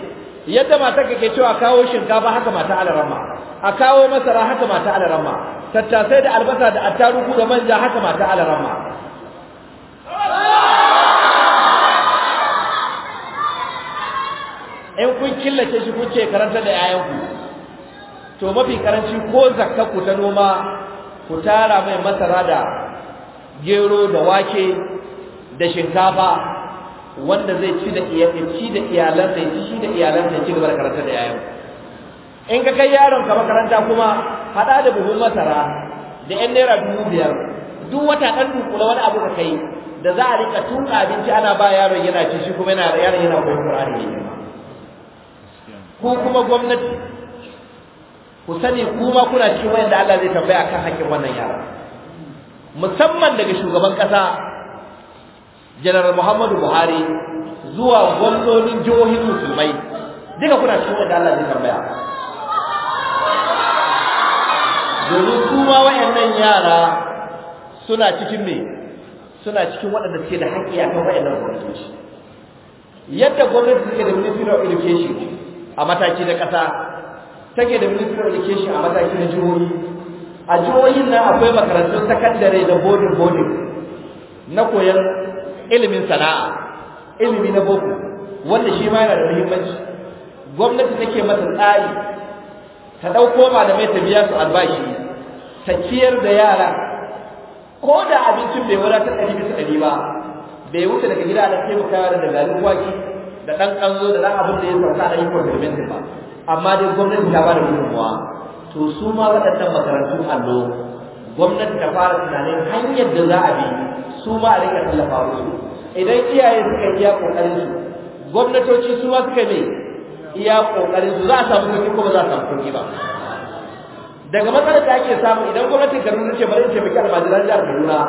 yadda matar ka ke cewa kawo shinkafa haka mata ma a kawo masara haka mata ma tattasai da albasa da attaruku da manja haka mata alarama in kun killace shi kuke karanta da yayanku to mafi karanci ko zakka ku ta noma ku tara mai masara da gero da wake da shinkafa wanda zai ci da iyalansa ya ci da iyalansa ya ci gaba da karanta da yayanku in ka kai yaron ka makaranta kuma hada da buhun masara da yan naira dubu biyar duk wata dan dunkula wani abu ka kai da za a rika tuka abinci ana ba yaron yana ci shi kuma yana yaron yana koyon Qur'ani ne ko kuma gwamnati ku sani ma kuna cikin wayan da Allah zai tambaya kan hakkin wannan yaron musamman daga shugaban kasa General Muhammadu Buhari zuwa gwamnonin jihohin musulmai duka kuna cikin wayan da Allah zai tambaya domin su ma wayannan yara suna cikin me suna cikin waɗanda suke da haƙƙi akan wayannan gwamnatoci yadda gwamnati take da ministry of education a mataki na ƙasa take da ministry of education a mataki na jihohi a jihohin nan akwai makarantun sakandare da bodin bodin na koyon ilimin sana'a ilimi na boko wanda shi ma yana da muhimmanci gwamnati take masa tsari Ka ɗauko malamai ta biya su albashi ta ciyar da yara ko da abincin bai ta ɗari bisa ɗari ba bai wuce daga gida da taimakawa da garin kwaki da ɗan ƙanzo da ɗan abin da ya sauka da ikon birnin ba amma dai gwamnati ta ba da gudunmuwa to su ma waɗannan makarantu allo gwamnati ta fara tunanin hanyar da za a bi su ma a rika tallafa musu idan iyaye suka yi iya gwamnatoci su ma suka yi iya kokarin su za a samu sauki ko ba za a samu sauki ba daga matsalar da ake samu idan gwamnatin Kaduna ce bari ce biki almajiran jihar Kaduna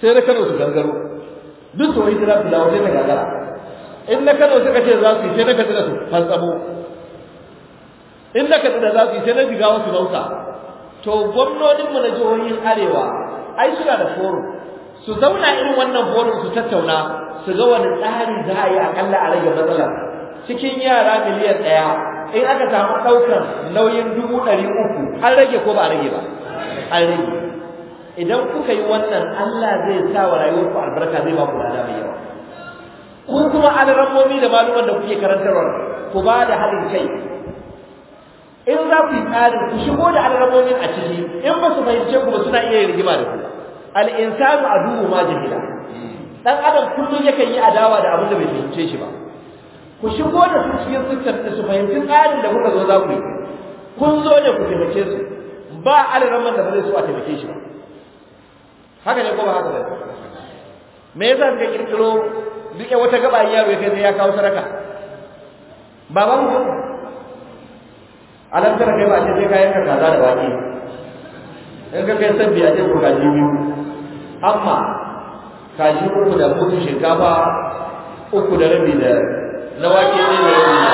sai na Kano su gangaro duk to hijira su dawo sai ta gagara in na Kano suka ce za su yi sai na Kaduna su fantsamo in na Kaduna za su yi sai na shiga wasu bauta to gwamnonin mu na jihohin arewa ai suna da forum su zauna irin wannan forum su tattauna su ga wani tsari za a yi akalla a rage matsalar cikin yara miliyan ɗaya in aka samu ɗaukar nauyin dubu ɗari uku an rage ko ba a rage ba an rage idan kuka yi wannan Allah zai sa wa rayuwarku albarka zai ba ku lada mai yawa ku kuma alarammomi da maluman da kuke karantarwa ku ba da halin kai in za ku yi tsarin ku shigo da alarammomin a ciki in ba su fahimce ku ba suna iya yin rigima da ku al'insanu duhu ma jahila dan adam kullum yakan yi adawa da abin da bai fahimce shi ba ku shigo da su cikin sistem su fahimci tsarin da kuka zo za ku yi kun zo ne ku taimake su ba alraman da zai so a taimake shi ba haka ne kuma ba haka ne me yasa suka kirkiro duk wata gaba yaro ya kai sai ya kawo saraka baban ku alam tara kai ba ce sai kayan ka kaza da wake in ka kai sabbi a cikin kaji biyu amma kaji uku da mutu shinkafa uku da rabi da na wake ne da yau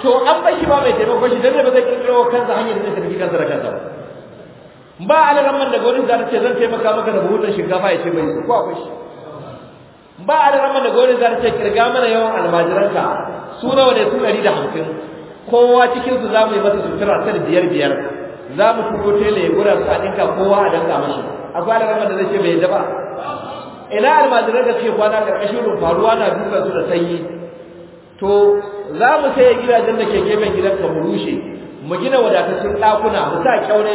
to an bai shi ba mai taimakon shi dan ba zai kirkiro kansa hanyar da zai tafi kansa da kansa ba alalan man da gurin da ce zan taimaka maka da buhutun shinkafa ya ce bai su ko akwai shi ba alalan man da gurin da ce kirga mana yawan almajiranka su nawa ne su 150 kowa cikin su zamu yi masa sutura tar biyar biyar zamu tuko tele gura su a kowa a danka mashi akwai alalan man da zai ce bai yadda ba ina almajiran da ke kwana karkashin rumfa ruwa na duka su da sanyi to za mu sai gidajen da ke gefen gidan ka mu rushe mu gina wadatattun ɗakuna mu sa kyaure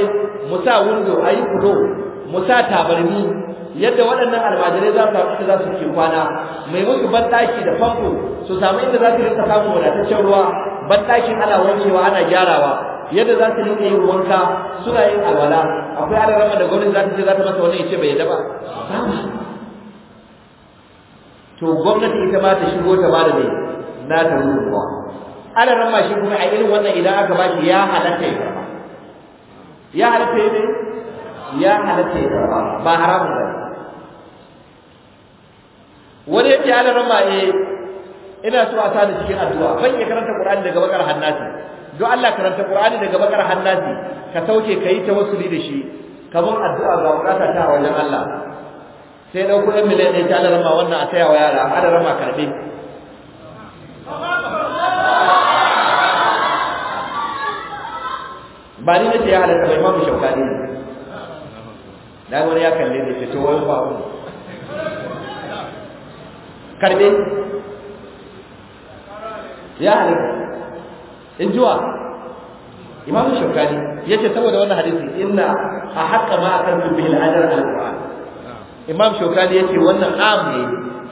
mu sa wundo a yi kudo mu sa tabarmi yadda waɗannan almajirai za su samu za su ke kwana mai musu banɗaki da famfo su samu inda za su rinka samun wadataccen ruwa banɗakin ana wankewa ana gyarawa yadda za su rinka yin wanka suna yin alwala akwai adadin da gwamnati za ta ce za ta masa wani ya ce bai yadda ba to gwamnati ita ma ta shigo ta bada mai na ta rubuwa adaran ma shi kuma a irin wannan idan aka bashi ya halatta ya karba ya halatta ya ya halatta ya karba ba haramun ba wani yake ce adaran ma eh ina so a sani cikin addu'a ban iya karanta qur'ani daga bakar hannati don Allah karanta qur'ani daga bakar hannati ka sauke kayi tawassuli da shi kamar addu'a ga bukata ta wajen Allah sai ɗauko ɗan miliyan ɗaya ta rama wannan a taya wa yara rama karɓe ba ni na ce ya halatta bai mamu shaukani ne na wani ya kalle da ce to wani ba karɓe ya halatta in jiwa imamu shaukani ya ce saboda wannan hadisi inna a haƙa ma a akan bihi al'adar al-qur'an imam shokani yace wannan am ne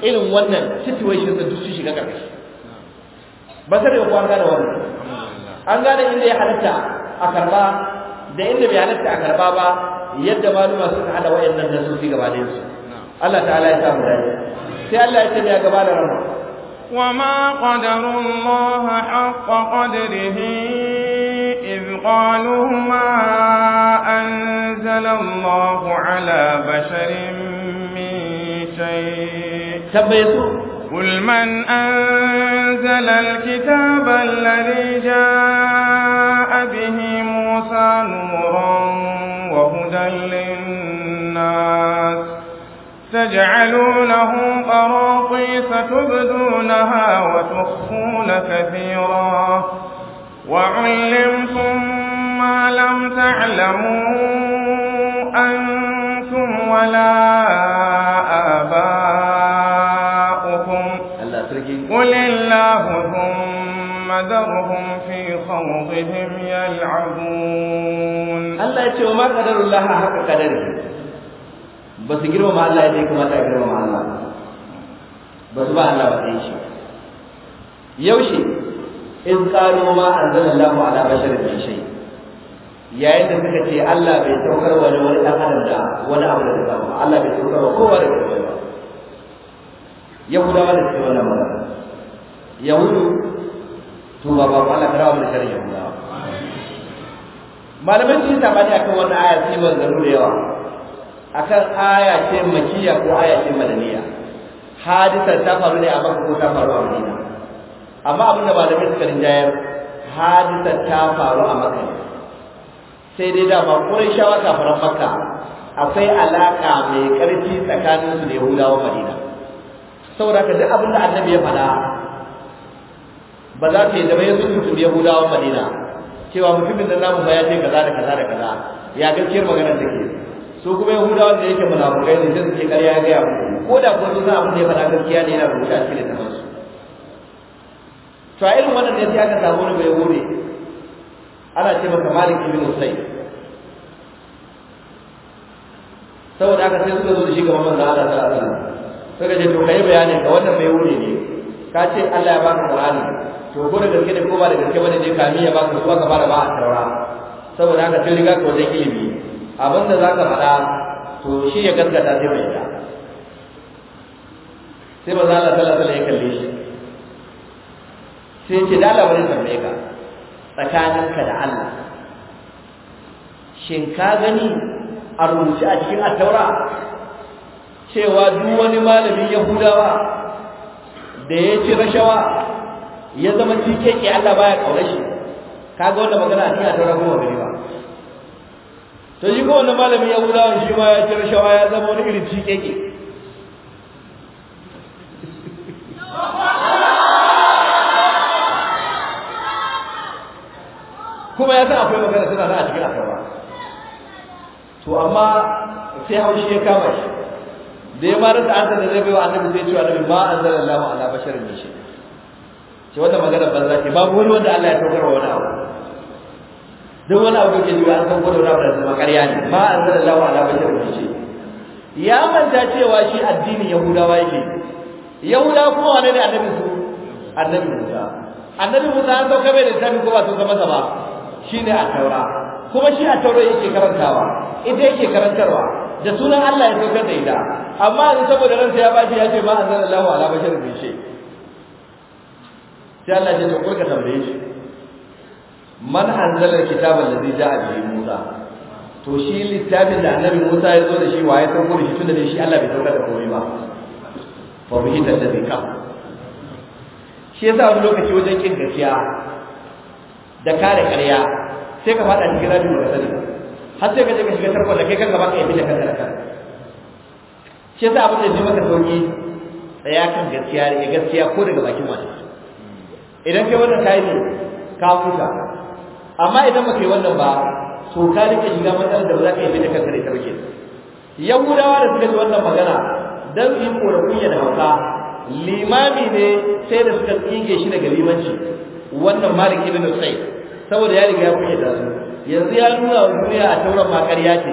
irin wannan situation da duk shiga karkashi ba sai da kwan gane wannan an gane inda ya halatta a karba da inda bai halatta a karba ba yadda maluma suka hada wayannan nasosi gaba da su Allah ta'ala ya samu dai sai Allah ya tabbata gaba da rana وما قدر الله حق قدره إذ قالوا ما أنزل الله على بشر شيء تبيتوا قل من أنزل الكتاب الذي جاء به موسى نورا وهدى للناس تجعلونه قراطيس تبدونها وتخفون كثيرا وعلمتم ما لم تعلموا أنتم ولا آباؤكم قل الله ثم ذرهم في خوضهم يلعبون الله يتشو ما قدر الله حق قدره بس يقروا مع الله يديك ما تقروا مع الله بس بقى الله بقى يوشي إذ قالوا ما أنزل الله على بشر من شيء yayin da suka ce Allah bai saukar wa wani dan adam da wani abu da ta samu Allah bai saukar wa kowa da kowa ba yahudawa da suke wannan magana yahudu to ba ba Allah kada mu shari'a yahudawa malamai sun tabani akan wannan aya sai ban garu da yawa akan aya ce makiya ko aya ce madaniya hadisar ta faru ne a Makka ko ta faru a Madina amma abin da malamai suka rinjayar hadisar ta faru a Makka sai dai da ba Qurayshawa kafaran Makka akwai alaka mai karfi tsakaninsu da Yahudawa Madina saboda ka duk abin da annabi ya faɗa ba za ta yi da bayan sun turi yahudawan madina cewa mutumin da namu ya ce kaza da kaza da kaza ya gaskiyar maganar da ke su kuma yahudawan da yake munafukai ne sai zai ce ƙarya ga ko da ko sun abin da ya faɗa gaskiya ne yana rubuta a cikin littafin su to a irin wannan ne sai aka samu wani bai wuri ana ce maka malik ibn usayd saboda aka sai suka zo da shi ga manzon Allah sallallahu alaihi wasallam suka ce to kai bayanin ga wannan mai wuri ne ka ce Allah ya baka Qur'ani to ko da gaske ne ko ba da gaske bane dai kami ya baka zuwa ka fara ba a taura saboda haka sai riga ka wajen ilimi abin da zaka faɗa to shi ya gaskata sai mai da sai za Allah sallallahu alaihi ya kalle shi sai ce da Allah bane tambaye ka tsakaninka da Allah shin ka gani a rubuce a cikin at cewa duk wani malamin yahudawa da ya ci rashawa ya zama cikeke Allah baya kaure shi kaga wannan magana a cikin ta ragowa gari ba to shi ko wannan malamin yahudawa shi ma ya ci rashawa ya zama wani irin cikeke kuma ya san akwai magana tana da a cikin akwai to amma sai haushi ya kama shi da ya marar da ansa da zai baiwa annabi sai cewa annabi ma anzala Allahu ala basharin min shay ce wata magana banza ce babu wani wanda Allah ya saukar wa wani abu duk wani abu da ke jiwa an saukar da wani abu da makarya ne an anzala Allahu ala basharin min shay ya manta cewa shi addinin Yahudawa yake Yahudawa kuma wane ne annabi su annabi Musa annabi Musa an sauka bai da tafi ko ba zama sa ba ne a taura kuma shi a taura yake karantawa ita yake karantarwa da sunan Allah ya saukar da ita amma in saboda ransa ya bashi ya ce ma anzalallahu ala basharin min shay sai Allah ya ce kurka tambaye shi man anzala kitabal ladzi ja'a bi Musa to shi littafin da annabi Musa ya zo da shi waye san gurin shi tunda shi Allah bai saukar da komai ba fa bihi tadbi ka shi yasa wani lokaci wajen kin gaskiya da kare ƙarya sai ka fada cikin radio da sani har sai ka je ka shiga tarko da kai kanka ba ka yi da kanka da kanka shi yasa abin da ji maka sauki tsaya kan gaskiya da gaskiya ko daga bakin wani idan kai wannan kai ne ka huta amma idan baka yi wannan ba to ka rike shiga matsalar da ba za ka yi da kanka da ita ba kenan yahudawa da suka ji wannan magana dan su yi ya da hauka limami ne sai da suka tsige shi daga limanci wannan malik ibn usayd saboda ya riga ya kunya da su yanzu ya nuna wa duniya a tauran ma ƙarya ce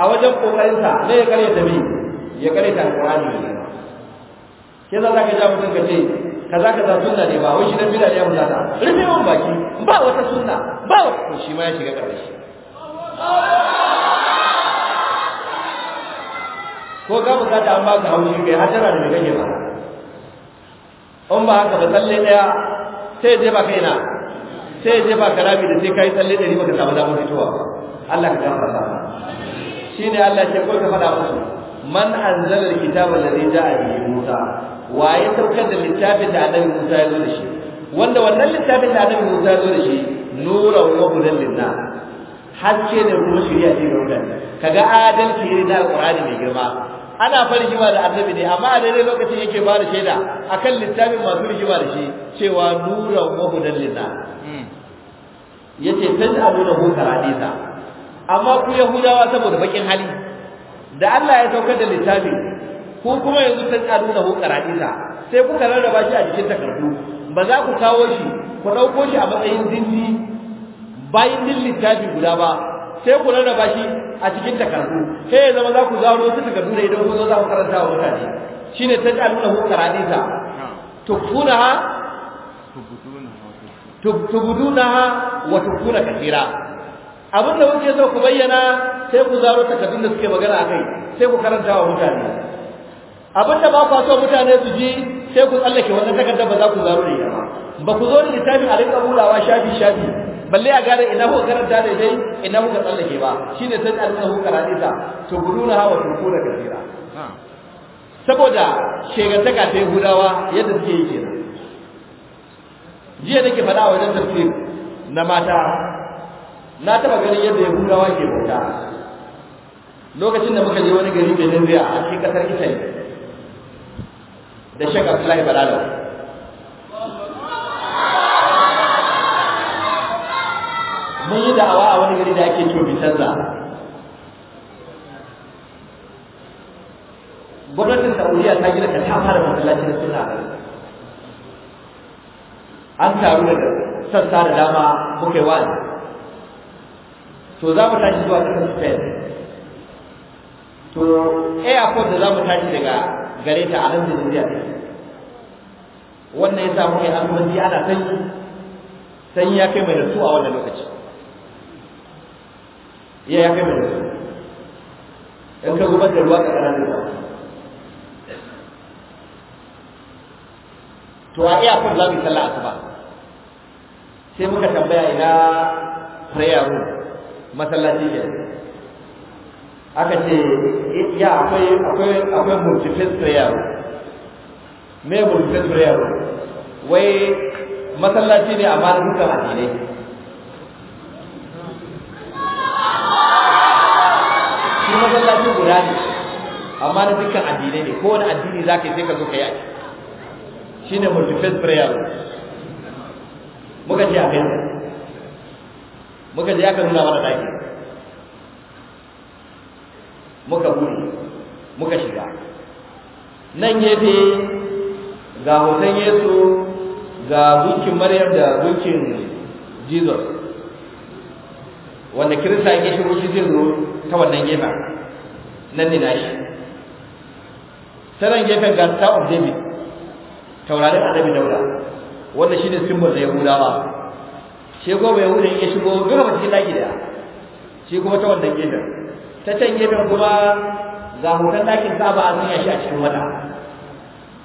a wajen ƙoƙarinsa ne ya karya ta biyu ya kare ta alqur'ani ne ke za ka ja mutum ka ce kaza kaza sunna ne ba wai shi dan bid'a ne mun da rufe mun baki ba wata sunna ba wata shi ma ya shiga karshe ko ka bukata an ba ka haushi kai hajjara da gaje ba in ba haka ba tsalle daya sai je ba kaina sai je ba karabi da sai kai tsalle da dari baka samu damar fitowa Allah ka gafarta shine Allah ke ce ko ka fada musu man anzala kitaba alladhi ja'a bihi Musa wa ya saukar da littafin da Annabi Musa ya zo da shi wanda wannan littafin da Annabi Musa ya zo da shi nura wa hudan linnas haske ne kuma shirya ce ga wannan kaga adalci ne da alqur'ani mai girma ana farjima da annabi ne amma a daidai lokacin yake ba da shaida akan littafin masu rigima da shi cewa nura wa hudan linnas hmm. yace taj'aluna hu karadisa amma ku yahudawa saboda bakin hali da Allah ya saukar da littafi ko kuma yanzu ta karuna ko karatisa sai kuka rarraba shi a cikin takardu ba za ku kawo shi ku ɗauko shi a matsayin dindi bayan din littafi guda ba sai ku rarraba shi a cikin takardu sai ya zama za ku zaro su takardu da idan kun zo za ku karanta wa mutane shine ta karuna ko karatisa tukunaha ha wa tukuna kathira abin da wuce so ku bayyana sai ku zaro takardun da suke magana a kai sai ku karanta wa mutane abin da ba ku so mutane su ji sai ku tsallake wannan takardar ba za ku zaro da ita ba ku zo da littafin a rinka bulawa shafi shafi balle a gane ina kuka karanta da dai ina kuka tsallake ba shine sai a rinka kuka karanta to nuna hawa turku da gajera. saboda shegantaka ta gudawa, yadda suke yi kenan jiya nake faɗa a wajen tafsir na mata na taɓa ganin yadda gudawa ke bauta lokacin da muka je wani gari mai Benivia a cikin kasar Italy da Sheikh Abdullahi balala mun yi da'awa a wani gari da ake cewa Bitanza gwamnatin Saudiya ta gina ta ta fara masallacin suna an taru da sassa da dama muka yi wa'azi to za mu tashi zuwa kasar Spain to airport da za mu tashi daga gare ta a nan zuwa wannan ya samu mai almanci ana sanyi sanyi ya kai mai rasu a wannan lokaci ya ya kai mai rasu in ka gubar da ruwa ƙarƙara ne ba to a airport za mu yi sallah asuba sai muka tambaya ina prayer room masallaci ne aka ce ya akwai akwai akwai multiface prayer me multiple prayer wai masallaci ne amma na dukkan addinai shi masallaci guda ne amma na dukkan addinai ne wani addini za ka yi sai ka zo ka yi shi ne multiple prayer muka ce a kai muka je aka nuna mana ɗaki muka gudu muka shiga nan gefe ga hoton yesu ga gunkin maryam da gunkin jesus wanda kirista ya shi shi zai zo ta wannan gefen nan ne nashi ta nan gefen ga star of david taurarin annabi daura wanda shi ne simbol da yahudawa shi kuma bai wuce ya shigo gaba cikin daki da shi kuma ta wannan gefen ta can gefen kuma mu ta ɗakin saba a sanya shi a cikin wata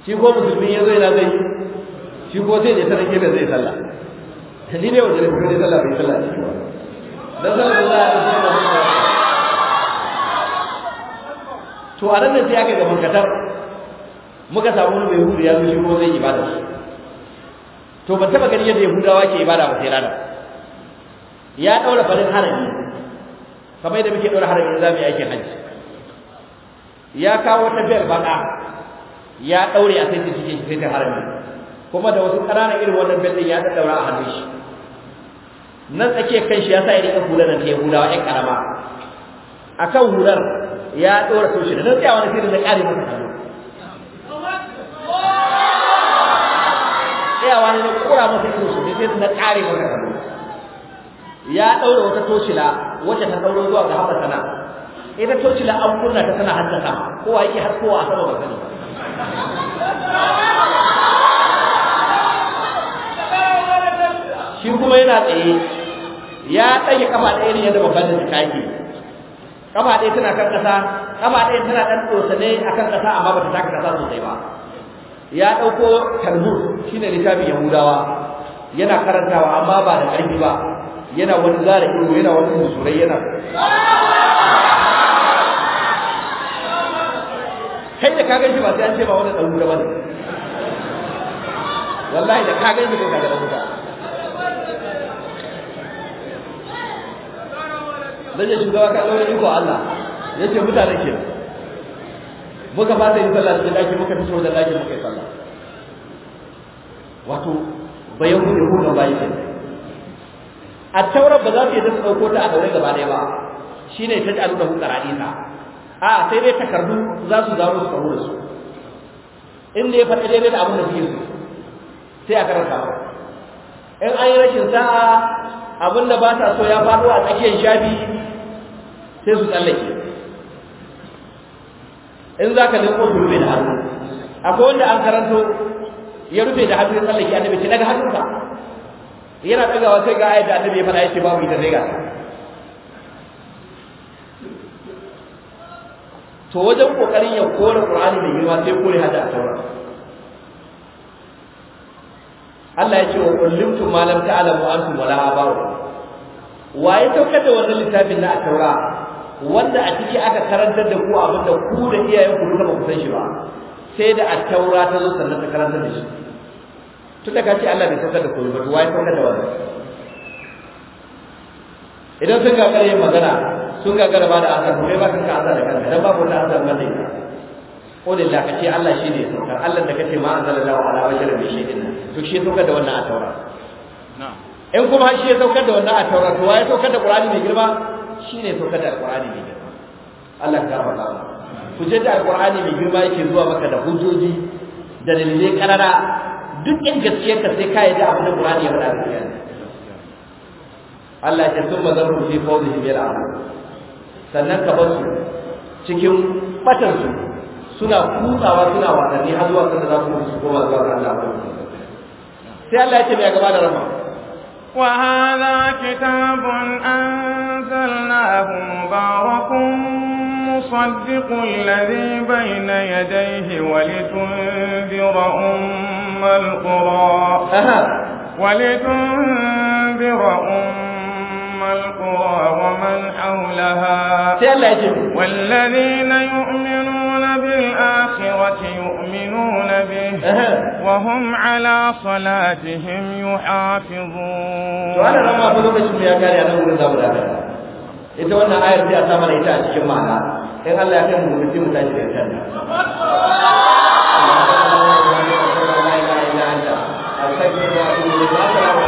shi ko musulmi ya zo yana zai shi ko sai ne ta rage da zai sallah ji ne wanda zai sallah bai sallah ciki ba dan sallah Allah ya rubuta to a nan sai aka gaban katar muka samu wani bai hudu ya zo shi ko zai ibada shi to ban taba gani yadda yahudawa ke ibada ba sai rana ya daura farin harami kamar yadda muke ɗora harami za mu yi aikin hajji ya kawo wata biyar baka ya ɗaure a sai ta cikin sai ta harami kuma da wasu ƙananan irin wannan bel ya ya ɗaura a hannun shi nan tsakiyar kan shi ya sa ya riƙa hular da ta yahudawa ƴan ƙarama a kan hular ya ɗora shi da nan tsayawa na sai na ƙari masa hannu tsayawa ne na kura masa irin sai na kare masa hannu ya ɗaura wata toshila wacce ta sauro zuwa ga haka sana ita tocila an kunna ta tana haddasa kowa yake haskowa a sama ba sani shi kuma yana tsaye ya tsaye kafa ɗaya ne yadda babban da ta ke kafa ɗaya tana kan ƙasa kafa ɗaya tana ɗan tsotsa ne a kan ƙasa amma ba ta taka ƙasa sosai ba ya ɗauko talmud shine littafin yahudawa yana karantawa amma ba da ƙarfi ba yana wani zara ido yana wani musurai yana kai da kagan shi ba sai an ce ba wani ɗan da ba ne wallahi da kagan shi kai kaga ɗan wuta dan ya shugaba ka zaune iko Allah Ya ce mutane ke muka fata yin sallah da daki muka fito da daki muka yi sallah wato bayan ku ne bayan ga kenan a taurar ba za su yadda su ɗauko ta a daure gaba ɗaya ba shi ne ta jaru da hukara isa a sai dai takardu za su zaro su kawo da su inda ya faɗi daidai da abin da suke su sai a karanta ba in an yi rashin sa'a abin da ba ta so ya faɗo a tsakiyar shafi sai su tsallake in za ka leko su rufe da hannu akwai wanda an karanto ya rufe da hannu ya tsallake annabi ce daga hannunka yana tsagawa sai ga ayat da annabi ya faɗa yake babu ita sai ga to wajen kokarin ya kore qur'ani da girma sai kore hada taura Allah ya ce wa kullimtu ma lam ta'lamu antum wala abaru waye saukar da wannan littafin na taura wanda a ciki aka karantar da ku abinda ku da iyayen ku duka ba ku san shi ba sai da at-taura ta zo sannan ta karantar da shi tun da ce Allah bai saukar da komai ba to wai saukar da wannan idan sun gagara yin magana sun gagara ba da ansa kuma ba kanka ansa da kanka dan ko ta ansa wanda dai ko da Allah kace Allah shi ne saukar Allah da kace ma Allah ala bashar bi din to shi saukar da wannan a taura in kuma shi ya saukar da wannan a taura to wai saukar da Qur'ani mai girma shi ne saukar da Qur'ani mai girma Allah ka ba ku je da Qur'ani mai girma yake zuwa maka da hujjoji da dalilai karara duk in gaskiyar ka sai ka yi da abin da Qur'ani ya faɗa gaskiya Allah ya tun ba zarfu fi fawzi bil amal sannan ka basu cikin fatan su suna kutsawa suna wasanni, har zuwa sanda za su su koma zuwa ga Allah sai Allah ya ce mai gaba da rama وهذا كتاب أنزلناه مبارك مصدق الذي بين يديه ولتنذر أمه أم القرى ولتنذر أم القرى ومن حولها والذين يؤمنون بالآخرة يؤمنون به وهم على صلاتهم يحافظون ita <laughs> Gracias.